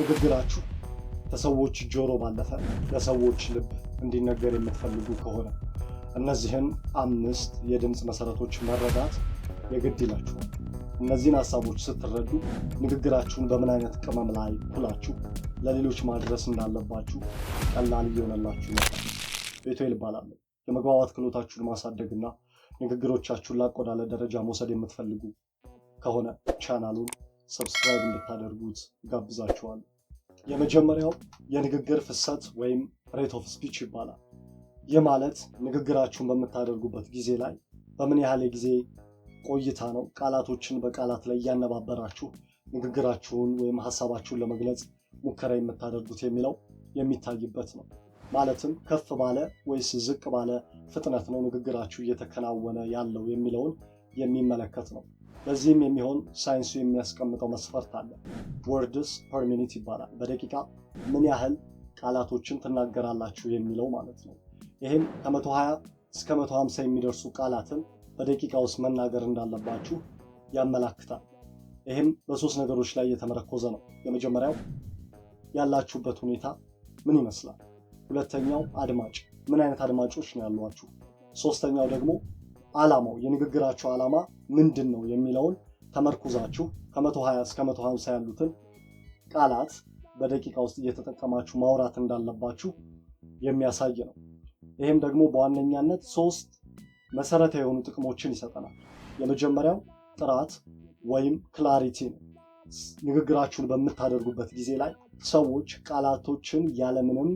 ንግግራችሁ ከሰዎች ጆሮ ባለፈ ለሰዎች ልብ እንዲነገር የምትፈልጉ ከሆነ እነዚህን አምስት የድምፅ መሰረቶች መረዳት የግድ ይላችኋል። እነዚህን ሀሳቦች ስትረዱ ንግግራችሁን በምን አይነት ቅመም ላይ ኩላችሁ ለሌሎች ማድረስ እንዳለባችሁ ቀላል እየሆነላችሁ ይመጣል። ቤቶይል እባላለሁ። የመግባባት ክህሎታችሁን ማሳደግና ንግግሮቻችሁን ላቆዳለ ደረጃ መውሰድ የምትፈልጉ ከሆነ ቻናሉን ሰብስክራይብ እንድታደርጉት ጋብዛችኋል። የመጀመሪያው የንግግር ፍሰት ወይም ሬት ኦፍ ስፒች ይባላል። ይህ ማለት ንግግራችሁን በምታደርጉበት ጊዜ ላይ በምን ያህል የጊዜ ቆይታ ነው ቃላቶችን በቃላት ላይ እያነባበራችሁ ንግግራችሁን ወይም ሀሳባችሁን ለመግለጽ ሙከራ የምታደርጉት የሚለው የሚታይበት ነው። ማለትም ከፍ ባለ ወይስ ዝቅ ባለ ፍጥነት ነው ንግግራችሁ እየተከናወነ ያለው የሚለውን የሚመለከት ነው። ለዚህም የሚሆን ሳይንሱ የሚያስቀምጠው መስፈርት አለ። ወርድስ ፐር ሚኒት ይባላል። በደቂቃ ምን ያህል ቃላቶችን ትናገራላችሁ የሚለው ማለት ነው። ይህም ከ120 እስከ 150 የሚደርሱ ቃላትን በደቂቃ ውስጥ መናገር እንዳለባችሁ ያመላክታል። ይህም በሶስት ነገሮች ላይ እየተመረኮዘ ነው። የመጀመሪያው ያላችሁበት ሁኔታ ምን ይመስላል? ሁለተኛው አድማጭ ምን አይነት አድማጮች ነው ያሏችሁ? ሶስተኛው ደግሞ ዓላማው የንግግራችሁ ዓላማ ምንድን ነው የሚለውን ተመርኩዛችሁ ከ120 እስከ 150 ያሉትን ቃላት በደቂቃ ውስጥ እየተጠቀማችሁ ማውራት እንዳለባችሁ የሚያሳይ ነው። ይህም ደግሞ በዋነኛነት ሶስት መሰረታዊ የሆኑ ጥቅሞችን ይሰጠናል። የመጀመሪያው ጥራት ወይም ክላሪቲ ነው። ንግግራችሁን በምታደርጉበት ጊዜ ላይ ሰዎች ቃላቶችን ያለምንም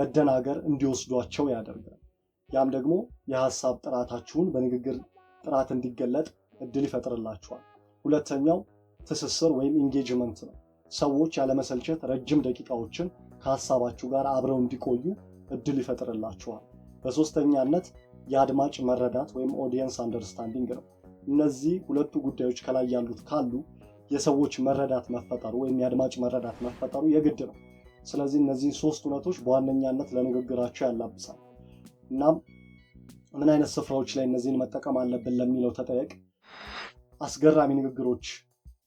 መደናገር እንዲወስዷቸው ያደርጋል። ያም ደግሞ የሀሳብ ጥራታችሁን በንግግር ጥራት እንዲገለጥ እድል ይፈጥርላችኋል። ሁለተኛው ትስስር ወይም ኢንጌጅመንት ነው። ሰዎች ያለመሰልቸት ረጅም ደቂቃዎችን ከሀሳባችሁ ጋር አብረው እንዲቆዩ እድል ይፈጥርላችኋል። በሶስተኛነት የአድማጭ መረዳት ወይም ኦዲየንስ አንደርስታንዲንግ ነው። እነዚህ ሁለቱ ጉዳዮች ከላይ ያሉት ካሉ የሰዎች መረዳት መፈጠሩ ወይም የአድማጭ መረዳት መፈጠሩ የግድ ነው። ስለዚህ እነዚህን ሶስት እውነቶች በዋነኛነት ለንግግራቸው ያላብሳል። እናም ምን አይነት ስፍራዎች ላይ እነዚህን መጠቀም አለብን ለሚለው ተጠየቅ አስገራሚ ንግግሮች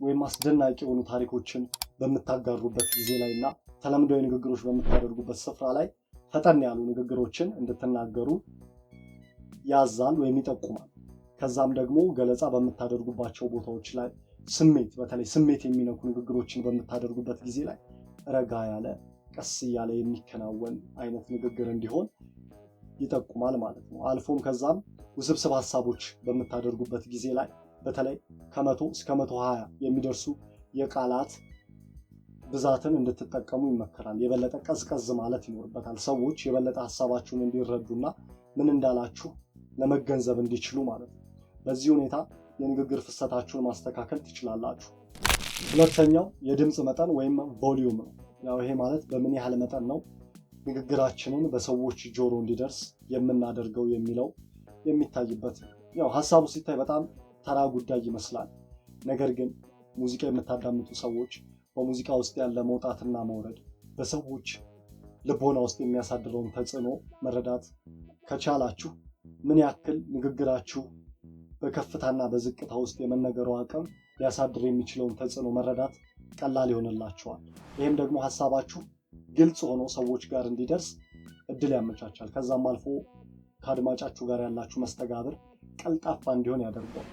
ወይም አስደናቂ የሆኑ ታሪኮችን በምታጋሩበት ጊዜ ላይ እና ተለምዳዊ ንግግሮች በምታደርጉበት ስፍራ ላይ ፈጠን ያሉ ንግግሮችን እንድትናገሩ ያዛል ወይም ይጠቁማል። ከዛም ደግሞ ገለጻ በምታደርጉባቸው ቦታዎች ላይ ስሜት በተለይ ስሜት የሚነኩ ንግግሮችን በምታደርጉበት ጊዜ ላይ ረጋ ያለ ቀስ እያለ የሚከናወን አይነት ንግግር እንዲሆን ይጠቁማል ማለት ነው። አልፎም ከዛም ውስብስብ ሀሳቦች በምታደርጉበት ጊዜ ላይ በተለይ ከመቶ እስከ መቶ ሀያ የሚደርሱ የቃላት ብዛትን እንድትጠቀሙ ይመከራል። የበለጠ ቀዝቀዝ ማለት ይኖርበታል። ሰዎች የበለጠ ሀሳባችሁን እንዲረዱና ምን እንዳላችሁ ለመገንዘብ እንዲችሉ ማለት ነው። በዚህ ሁኔታ የንግግር ፍሰታችሁን ማስተካከል ትችላላችሁ። ሁለተኛው የድምፅ መጠን ወይም ቮሊዩም ነው። ያው ይሄ ማለት በምን ያህል መጠን ነው ንግግራችንን በሰዎች ጆሮ እንዲደርስ የምናደርገው የሚለው የሚታይበት ያው ሀሳቡ ሲታይ በጣም ተራ ጉዳይ ይመስላል። ነገር ግን ሙዚቃ የምታዳምጡ ሰዎች በሙዚቃ ውስጥ ያለ መውጣትና መውረድ በሰዎች ልቦና ውስጥ የሚያሳድረውን ተጽዕኖ መረዳት ከቻላችሁ ምን ያክል ንግግራችሁ በከፍታና በዝቅታ ውስጥ የመነገረው አቅም ሊያሳድር የሚችለውን ተጽዕኖ መረዳት ቀላል ይሆንላችኋል። ይህም ደግሞ ሀሳባችሁ ግልጽ ሆኖ ሰዎች ጋር እንዲደርስ እድል ያመቻቻል። ከዛም አልፎ ከአድማጫችሁ ጋር ያላችሁ መስተጋብር ቀልጣፋ እንዲሆን ያደርገዋል።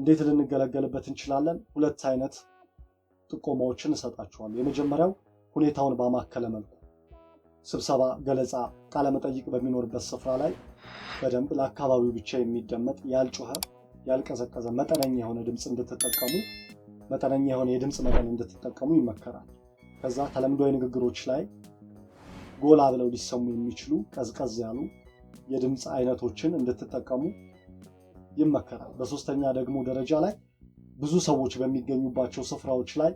እንዴት ልንገለገልበት እንችላለን? ሁለት አይነት ጥቆማዎችን እሰጣችኋል። የመጀመሪያው ሁኔታውን ባማከለ መልኩ ስብሰባ፣ ገለጻ፣ ቃለመጠይቅ በሚኖርበት ስፍራ ላይ በደንብ ለአካባቢው ብቻ የሚደመጥ ያልጮኸ፣ ያልቀዘቀዘ መጠነኛ የሆነ ድምፅ እንድትጠቀሙ መጠነኛ የሆነ የድምፅ መጠን እንድትጠቀሙ ይመከራል። ከዛ ተለምዶዊ ንግግሮች ላይ ጎላ ብለው ሊሰሙ የሚችሉ ቀዝቀዝ ያሉ የድምፅ አይነቶችን እንድትጠቀሙ ይመከራል። በሶስተኛ ደግሞ ደረጃ ላይ ብዙ ሰዎች በሚገኙባቸው ስፍራዎች ላይ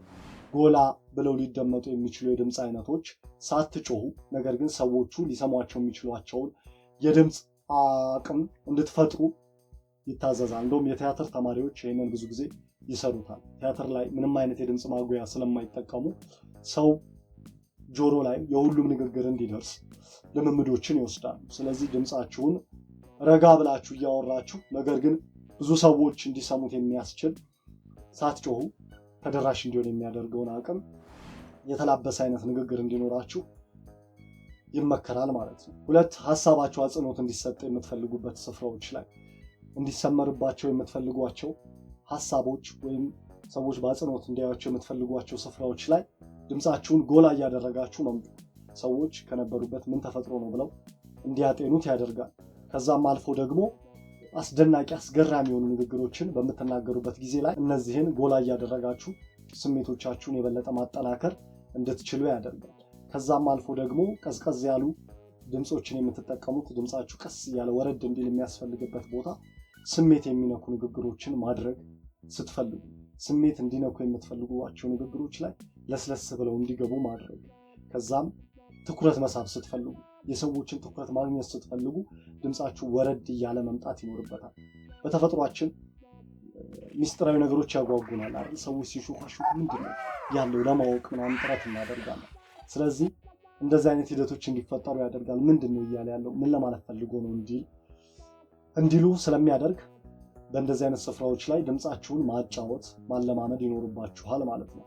ጎላ ብለው ሊደመጡ የሚችሉ የድምፅ አይነቶች ሳትጮሁ፣ ነገር ግን ሰዎቹ ሊሰሟቸው የሚችሏቸውን የድምፅ አቅም እንድትፈጥሩ ይታዘዛል። እንደውም የቲያትር ተማሪዎች ይህንን ብዙ ጊዜ ይሰሩታል። ቲያትር ላይ ምንም አይነት የድምፅ ማጉያ ስለማይጠቀሙ ሰው ጆሮ ላይ የሁሉም ንግግር እንዲደርስ ልምምዶችን ይወስዳሉ። ስለዚህ ድምፃችሁን ረጋ ብላችሁ እያወራችሁ ነገር ግን ብዙ ሰዎች እንዲሰሙት የሚያስችል ሳትጮሁ ተደራሽ እንዲሆን የሚያደርገውን አቅም የተላበሰ አይነት ንግግር እንዲኖራችሁ ይመከራል ማለት ነው። ሁለት ሀሳባችሁ አጽንኦት እንዲሰጥ የምትፈልጉበት ስፍራዎች ላይ እንዲሰመርባቸው የምትፈልጓቸው ሀሳቦች ወይም ሰዎች በአጽንኦት እንዲያቸው የምትፈልጓቸው ስፍራዎች ላይ ድምፃችሁን ጎላ እያደረጋችሁ ነው። ሰዎች ከነበሩበት ምን ተፈጥሮ ነው ብለው እንዲያጤኑት ያደርጋል። ከዛም አልፎ ደግሞ አስደናቂ አስገራሚ የሆኑ ንግግሮችን በምትናገሩበት ጊዜ ላይ እነዚህን ጎላ እያደረጋችሁ ስሜቶቻችሁን የበለጠ ማጠናከር እንድትችሉ ያደርጋል። ከዛም አልፎ ደግሞ ቀዝቀዝ ያሉ ድምፆችን የምትጠቀሙት ድምፃችሁ ቀስ እያለ ወረድ እንዲል የሚያስፈልግበት ቦታ ስሜት የሚነኩ ንግግሮችን ማድረግ ስትፈልጉ ስሜት እንዲነኩ የምትፈልጓቸው ንግግሮች ላይ ለስለስ ብለው እንዲገቡ ማድረግ። ከዛም ትኩረት መሳብ ስትፈልጉ፣ የሰዎችን ትኩረት ማግኘት ስትፈልጉ ድምፃችሁ ወረድ እያለ መምጣት ይኖርበታል። በተፈጥሯችን ሚስጥራዊ ነገሮች ያጓጉናል አይደል? ሰዎች ሲሹካሹኩ ምንድን ነው ያለው ለማወቅ ምናምን ጥረት እናደርጋለን። ስለዚህ እንደዚህ አይነት ሂደቶች እንዲፈጠሩ ያደርጋል። ምንድን ነው እያለ ያለው ምን ለማለት ፈልጎ ነው እንዲሉ ስለሚያደርግ በእንደዚህ አይነት ስፍራዎች ላይ ድምፃችሁን ማጫወት ማለማመድ ይኖርባችኋል ማለት ነው።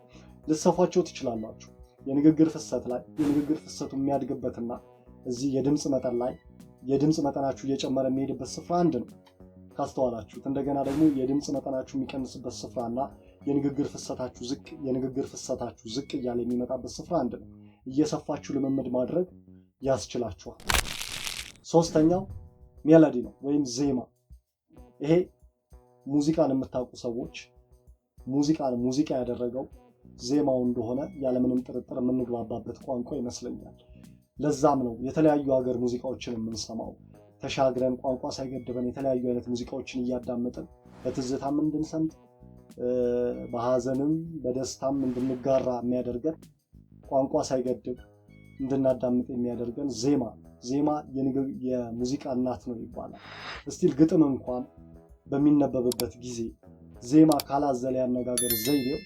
ልሰፏቸው ትችላላችሁ። የንግግር ፍሰት ላይ የንግግር ፍሰቱ የሚያድግበትና እዚህ የድምፅ መጠን ላይ የድምፅ መጠናችሁ እየጨመረ የሚሄድበት ስፍራ አንድ ነው ካስተዋላችሁት። እንደገና ደግሞ የድምፅ መጠናችሁ የሚቀንስበት ስፍራና የንግግር ፍሰታችሁ ዝቅ የንግግር ፍሰታችሁ ዝቅ እያለ የሚመጣበት ስፍራ አንድ ነው። እየሰፋችሁ ልምምድ ማድረግ ያስችላችኋል። ሶስተኛው ሜሎዲ ነው ወይም ዜማ። ይሄ ሙዚቃን የምታውቁ ሰዎች ሙዚቃን ሙዚቃ ያደረገው ዜማው እንደሆነ ያለምንም ጥርጥር የምንግባባበት ቋንቋ ይመስለኛል። ለዛም ነው የተለያዩ ሀገር ሙዚቃዎችን የምንሰማው ተሻግረን ቋንቋ ሳይገድበን የተለያዩ አይነት ሙዚቃዎችን እያዳመጥን በትዝታም እንድንሰምጥ በሀዘንም በደስታም እንድንጋራ የሚያደርገን ቋንቋ ሳይገድብ እንድናዳምጥ የሚያደርገን ዜማ ዜማ የሙዚቃ እናት ነው ይባላል። እስቲል ግጥም እንኳን በሚነበብበት ጊዜ ዜማ ካላዘለ ያነጋገር ዘይቤው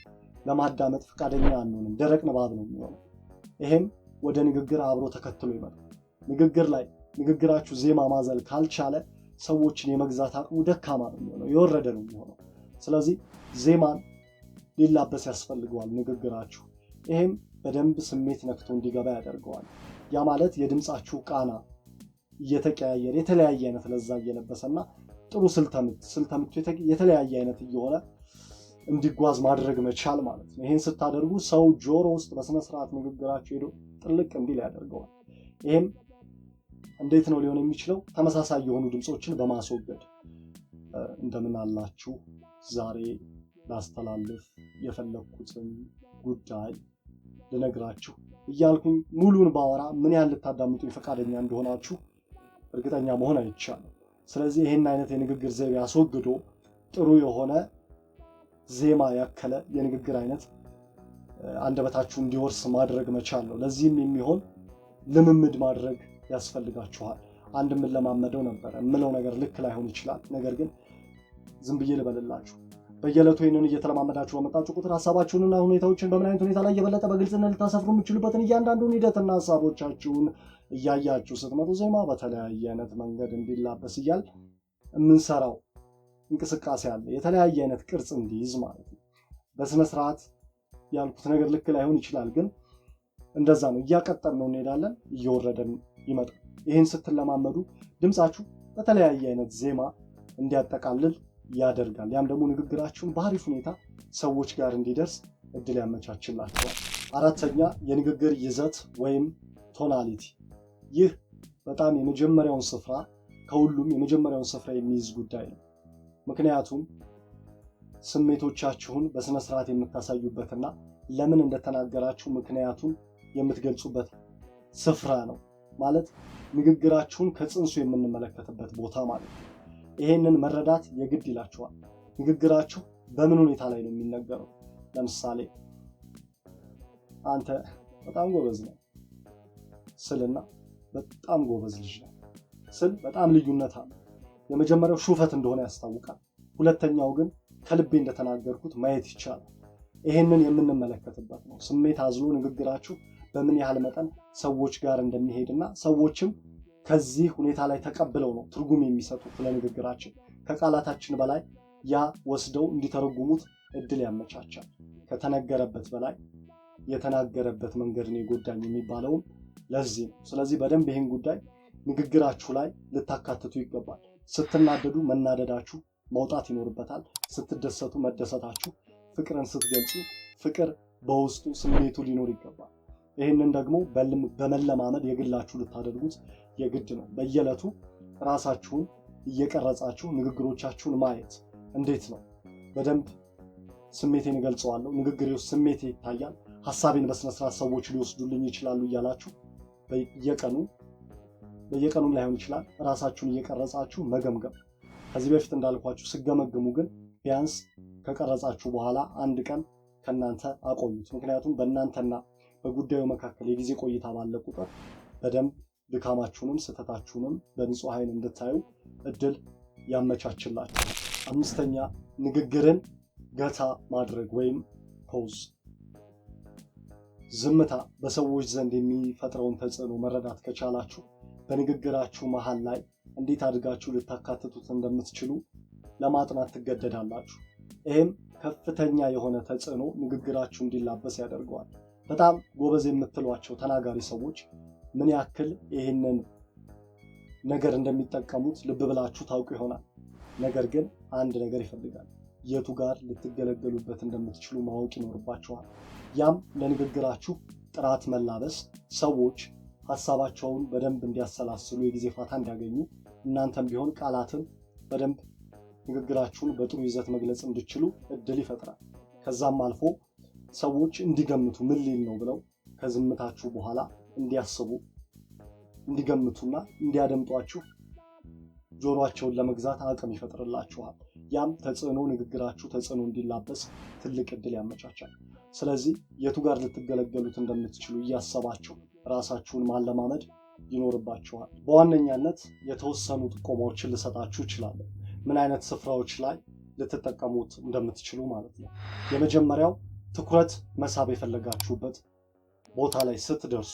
ለማዳመጥ ፈቃደኛ አንሆንም። ደረቅ ንባብ ነው የሚሆነው። ይሄም ወደ ንግግር አብሮ ተከትሎ ይመጣል። ንግግር ላይ ንግግራችሁ ዜማ ማዘል ካልቻለ ሰዎችን የመግዛት አቅሙ ደካማ ነው የሚሆነው፣ የወረደ ነው የሚሆነው። ስለዚህ ዜማን ሊላበስ ያስፈልገዋል ንግግራችሁ። ይሄም በደንብ ስሜት ነክቶ እንዲገባ ያደርገዋል። ያ ማለት የድምፃችሁ ቃና እየተቀያየረ የተለያየ አይነት ለዛ እየለበሰና ጥሩ ስልተምት ስልተምቱ የተለያየ አይነት እየሆነ እንዲጓዝ ማድረግ መቻል ማለት ነው። ይህን ስታደርጉ ሰው ጆሮ ውስጥ በስነስርዓት ንግግራቸው ሄዶ ጥልቅ እንዲል ያደርገዋል። ይህም እንዴት ነው ሊሆን የሚችለው? ተመሳሳይ የሆኑ ድምፆችን በማስወገድ እንደምን አላችሁ ዛሬ ላስተላልፍ የፈለግኩትን ጉዳይ ልነግራችሁ እያልኩኝ ሙሉን ባወራ ምን ያህል ልታዳምጡኝ ፈቃደኛ እንደሆናችሁ እርግጠኛ መሆን አይቻልም። ስለዚህ ይህን አይነት የንግግር ዘይቤ አስወግዶ ጥሩ የሆነ ዜማ ያከለ የንግግር አይነት አንደበታችሁ እንዲወርስ ማድረግ መቻል ነው። ለዚህም የሚሆን ልምምድ ማድረግ ያስፈልጋችኋል። አንድ የምለማመደው ነበረ፣ የምለው ነገር ልክ ላይሆን ይችላል። ነገር ግን ዝም ብዬ ልበልላችሁ በየዕለቱ ይህንን እየተለማመዳችሁ በመጣችሁ ቁጥር ሀሳባችሁንና ሁኔታዎችን በምን አይነት ሁኔታ ላይ የበለጠ በግልጽነት ልታሰፍሩ የምችሉበትን እያንዳንዱን ሂደትና ሀሳቦቻችሁን እያያችሁ ስትመጡ ዜማ በተለያየ አይነት መንገድ እንዲላበስ እያል የምንሰራው እንቅስቃሴ አለ። የተለያየ አይነት ቅርጽ እንዲይዝ ማለት ነው። በስነስርዓት ያልኩት ነገር ልክ ላይሆን ይችላል፣ ግን እንደዛ ነው። እያቀጠል ነው እንሄዳለን፣ እየወረደን ይመጣል። ይህን ስትለማመዱ ድምፃችሁ በተለያየ አይነት ዜማ እንዲያጠቃልል ያደርጋል። ያም ደግሞ ንግግራችሁን በአሪፍ ሁኔታ ሰዎች ጋር እንዲደርስ እድል ያመቻችላቸዋል። አራተኛ የንግግር ይዘት ወይም ቶናሊቲ። ይህ በጣም የመጀመሪያውን ስፍራ ከሁሉም የመጀመሪያውን ስፍራ የሚይዝ ጉዳይ ነው። ምክንያቱም ስሜቶቻችሁን በስነ ስርዓት የምታሳዩበትና ለምን እንደተናገራችሁ ምክንያቱን የምትገልጹበት ስፍራ ነው። ማለት ንግግራችሁን ከጽንሱ የምንመለከትበት ቦታ ማለት ነው። ይሄንን መረዳት የግድ ይላችኋል። ንግግራችሁ በምን ሁኔታ ላይ ነው የሚነገረው? ለምሳሌ አንተ በጣም ጎበዝ ነህ ስልና በጣም ጎበዝ ልጅ ነው ስል በጣም ልዩነት አለ። የመጀመሪያው ሹፈት እንደሆነ ያስታውቃል። ሁለተኛው ግን ከልቤ እንደተናገርኩት ማየት ይቻላል። ይሄንን የምንመለከትበት ነው። ስሜት አዝሎ ንግግራችሁ በምን ያህል መጠን ሰዎች ጋር እንደሚሄድና ሰዎችም ከዚህ ሁኔታ ላይ ተቀብለው ነው ትርጉም የሚሰጡት ለንግግራችን ከቃላታችን በላይ ያ ወስደው እንዲተረጉሙት እድል ያመቻቻል። ከተነገረበት በላይ የተናገረበት መንገድን የጎዳኝ የሚባለውም ለዚህ ነው። ስለዚህ በደንብ ይህን ጉዳይ ንግግራችሁ ላይ ልታካትቱ ይገባል። ስትናደዱ መናደዳችሁ መውጣት ይኖርበታል። ስትደሰቱ መደሰታችሁ፣ ፍቅርን ስትገልጹ ፍቅር በውስጡ ስሜቱ ሊኖር ይገባል። ይህንን ደግሞ በመለማመድ የግላችሁ ልታደርጉት የግድ ነው። በየዕለቱ ራሳችሁን እየቀረጻችሁ ንግግሮቻችሁን ማየት እንዴት ነው? በደንብ ስሜቴን እገልጸዋለሁ፣ ንግግሬ ውስጥ ስሜቴ ይታያል፣ ሀሳቤን በስነስርዓት ሰዎች ሊወስዱልኝ ይችላሉ እያላችሁ በየቀኑ በየቀኑም ላይሆን ይችላል ራሳችሁን እየቀረጻችሁ መገምገም። ከዚህ በፊት እንዳልኳችሁ ስገመግሙ ግን ቢያንስ ከቀረጻችሁ በኋላ አንድ ቀን ከእናንተ አቆዩት። ምክንያቱም በእናንተና በጉዳዩ መካከል የጊዜ ቆይታ ባለ ቁጥር በደንብ ድካማችሁንም ስህተታችሁንም በንጹህ ዓይን እንድታዩ እድል ያመቻችላችሁ። አምስተኛ ንግግርን ገታ ማድረግ ወይም ፖዝ። ዝምታ በሰዎች ዘንድ የሚፈጥረውን ተጽዕኖ መረዳት ከቻላችሁ በንግግራችሁ መሃል ላይ እንዴት አድርጋችሁ ልታካትቱት እንደምትችሉ ለማጥናት ትገደዳላችሁ። ይህም ከፍተኛ የሆነ ተጽዕኖ ንግግራችሁ እንዲላበስ ያደርገዋል። በጣም ጎበዝ የምትሏቸው ተናጋሪ ሰዎች ምን ያክል ይህንን ነገር እንደሚጠቀሙት ልብ ብላችሁ ታውቁ ይሆናል። ነገር ግን አንድ ነገር ይፈልጋል። የቱ ጋር ልትገለገሉበት እንደምትችሉ ማወቅ ይኖርባችኋል። ያም ለንግግራችሁ ጥራት መላበስ፣ ሰዎች ሀሳባቸውን በደንብ እንዲያሰላስሉ የጊዜ ፋታ እንዲያገኙ፣ እናንተም ቢሆን ቃላትን በደንብ ንግግራችሁን በጥሩ ይዘት መግለጽ እንዲችሉ እድል ይፈጥራል። ከዛም አልፎ ሰዎች እንዲገምቱ ምን ሊል ነው ብለው ከዝምታችሁ በኋላ እንዲያስቡ እንዲገምቱና እንዲያደምጧችሁ ጆሮአቸውን ለመግዛት አቅም ይፈጥርላችኋል። ያም ተጽዕኖ ንግግራችሁ ተጽዕኖ እንዲላበስ ትልቅ እድል ያመቻቻል። ስለዚህ የቱ ጋር ልትገለገሉት እንደምትችሉ እያሰባችሁ ራሳችሁን ማለማመድ ይኖርባችኋል። በዋነኛነት የተወሰኑ ጥቆማዎችን ልሰጣችሁ እችላለሁ፣ ምን አይነት ስፍራዎች ላይ ልትጠቀሙት እንደምትችሉ ማለት ነው። የመጀመሪያው ትኩረት መሳብ የፈለጋችሁበት ቦታ ላይ ስትደርሱ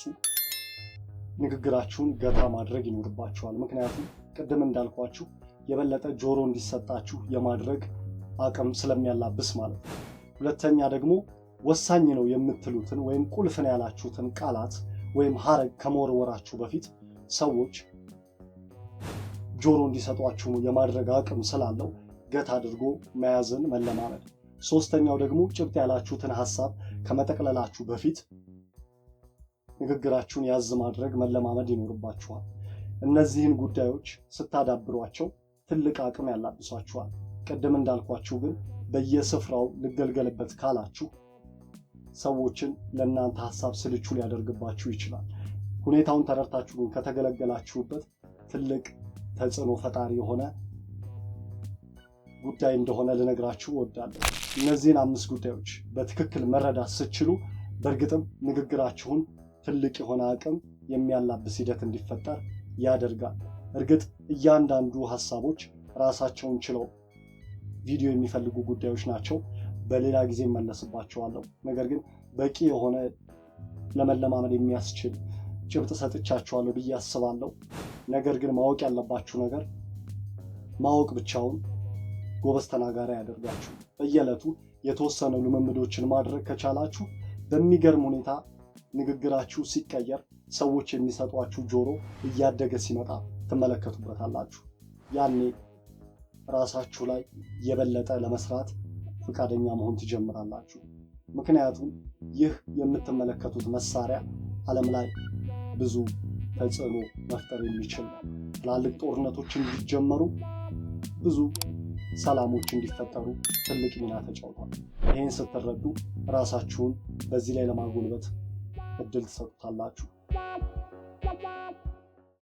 ንግግራችሁን ገታ ማድረግ ይኖርባችኋል። ምክንያቱም ቅድም እንዳልኳችሁ የበለጠ ጆሮ እንዲሰጣችሁ የማድረግ አቅም ስለሚያላብስ ማለት ነው። ሁለተኛ ደግሞ ወሳኝ ነው የምትሉትን ወይም ቁልፍን ያላችሁትን ቃላት ወይም ሀረግ ከመወርወራችሁ በፊት ሰዎች ጆሮ እንዲሰጧችሁ የማድረግ አቅም ስላለው ገታ አድርጎ መያዝን መለማመድ ሶስተኛው ደግሞ ጭብጥ ያላችሁትን ሀሳብ ከመጠቅለላችሁ በፊት ንግግራችሁን ያዝ ማድረግ መለማመድ ይኖርባችኋል። እነዚህን ጉዳዮች ስታዳብሯቸው ትልቅ አቅም ያላብሷችኋል። ቅድም እንዳልኳችሁ ግን በየስፍራው ልገልገልበት ካላችሁ ሰዎችን ለእናንተ ሀሳብ ስልቹ ሊያደርግባችሁ ይችላል። ሁኔታውን ተረድታችሁ ግን ከተገለገላችሁበት ትልቅ ተጽዕኖ ፈጣሪ የሆነ ጉዳይ እንደሆነ ልነግራችሁ እወዳለሁ። እነዚህን አምስት ጉዳዮች በትክክል መረዳት ስትችሉ በእርግጥም ንግግራችሁን ትልቅ የሆነ አቅም የሚያላብስ ሂደት እንዲፈጠር ያደርጋል። እርግጥ እያንዳንዱ ሀሳቦች ራሳቸውን ችለው ቪዲዮ የሚፈልጉ ጉዳዮች ናቸው። በሌላ ጊዜ መለስባቸዋለሁ። ነገር ግን በቂ የሆነ ለመለማመድ የሚያስችል ጭብጥ ሰጥቻችኋለሁ ብዬ አስባለሁ። ነገር ግን ማወቅ ያለባችሁ ነገር ማወቅ ብቻውን ጎበዝ ተናጋሪ ያደርጋችሁ። በየዕለቱ የተወሰኑ ልምምዶችን ማድረግ ከቻላችሁ በሚገርም ሁኔታ ንግግራችሁ ሲቀየር፣ ሰዎች የሚሰጧችሁ ጆሮ እያደገ ሲመጣ ትመለከቱበታላችሁ። ያኔ ራሳችሁ ላይ የበለጠ ለመስራት ፈቃደኛ መሆን ትጀምራላችሁ። ምክንያቱም ይህ የምትመለከቱት መሳሪያ ዓለም ላይ ብዙ ተጽዕኖ መፍጠር የሚችል ነው። ትላልቅ ጦርነቶች እንዲጀመሩ ብዙ ሰላሞች እንዲፈጠሩ ትልቅ ሚና ተጫውቷል። ይህን ስትረዱ ራሳችሁን በዚህ ላይ ለማጎልበት እድል ትሰጡታላችሁ።